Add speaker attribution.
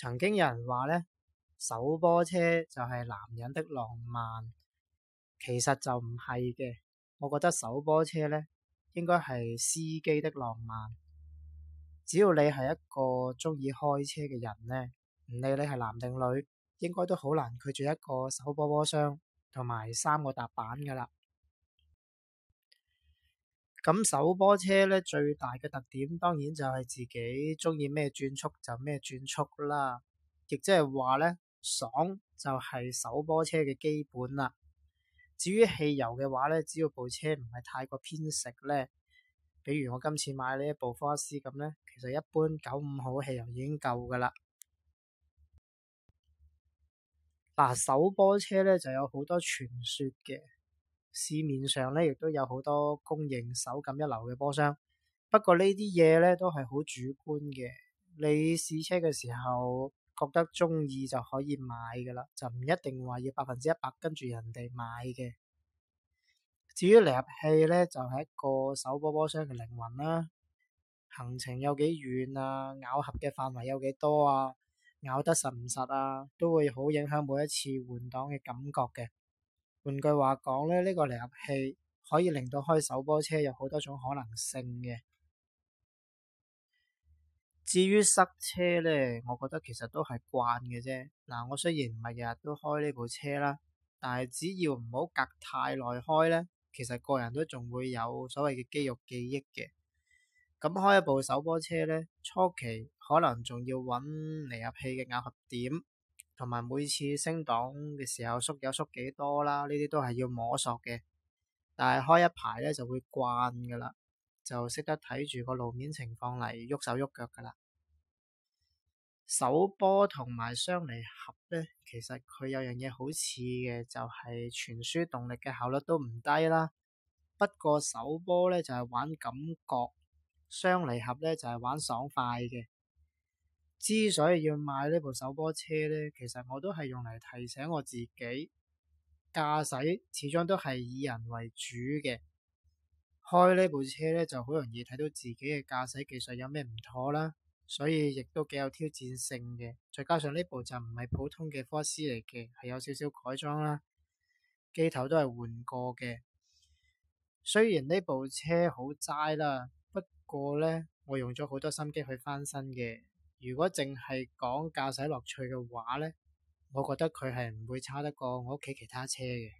Speaker 1: 曾經有人話呢，手波車就係男人的浪漫，其實就唔係嘅。我覺得手波車呢，應該係司機的浪漫。只要你係一個鍾意開車嘅人呢，唔理你係男定女，應該都好難拒絕一個手波波箱同埋三個踏板噶啦。咁手波車咧，最大嘅特點當然就係自己鍾意咩轉速就咩轉速啦，亦即係話咧，爽就係手波車嘅基本啦。至於汽油嘅話咧，只要部車唔係太過偏食咧，比如我今次買呢一部科斯咁咧，其實一般九五號汽油已經夠㗎喇。嗱、啊，手波車咧就有好多傳說嘅。市面上咧，亦都有好多供應手感一流嘅波箱。不過呢啲嘢咧，都係好主觀嘅。你試車嘅時候覺得中意就可以買㗎啦，就唔一定話要百分之一百跟住人哋買嘅。至於離合器咧，就係一個手波波箱嘅靈魂啦。行程有幾遠啊？咬合嘅範圍有幾多啊？咬得實唔實啊？都會好影響每一次換檔嘅感覺嘅。換句話講咧，呢個離合器可以令到開手波車有好多種可能性嘅。至於塞車呢，我覺得其實都係慣嘅啫。嗱，我雖然唔係日日都開呢部車啦，但係只要唔好隔太耐開呢，其實個人都仲會有所謂嘅肌肉記憶嘅。咁開一部手波車呢，初期可能仲要揾離合器嘅咬合點。同埋每次升檔嘅時候縮有縮幾多啦？呢啲都係要摸索嘅。但係開一排咧就會慣噶啦，就識得睇住個路面情況嚟喐手喐腳噶啦。手波同埋雙離合咧，其實佢有樣嘢好似嘅，就係傳輸動力嘅效率都唔低啦。不過手波咧就係玩感覺，雙離合咧就係玩爽快嘅。之所以要買呢部手波車呢，其實我都係用嚟提醒我自己，駕駛始終都係以人為主嘅，開呢部車呢，就好容易睇到自己嘅駕駛技術有咩唔妥啦，所以亦都幾有挑戰性嘅。再加上呢部就唔係普通嘅科斯嚟嘅，係有少少改裝啦，機頭都係換過嘅。雖然呢部車好齋啦，不過呢，我用咗好多心機去翻新嘅。如果淨係講駕駛樂趣嘅話咧，我覺得佢係唔會差得過我屋企其他車嘅。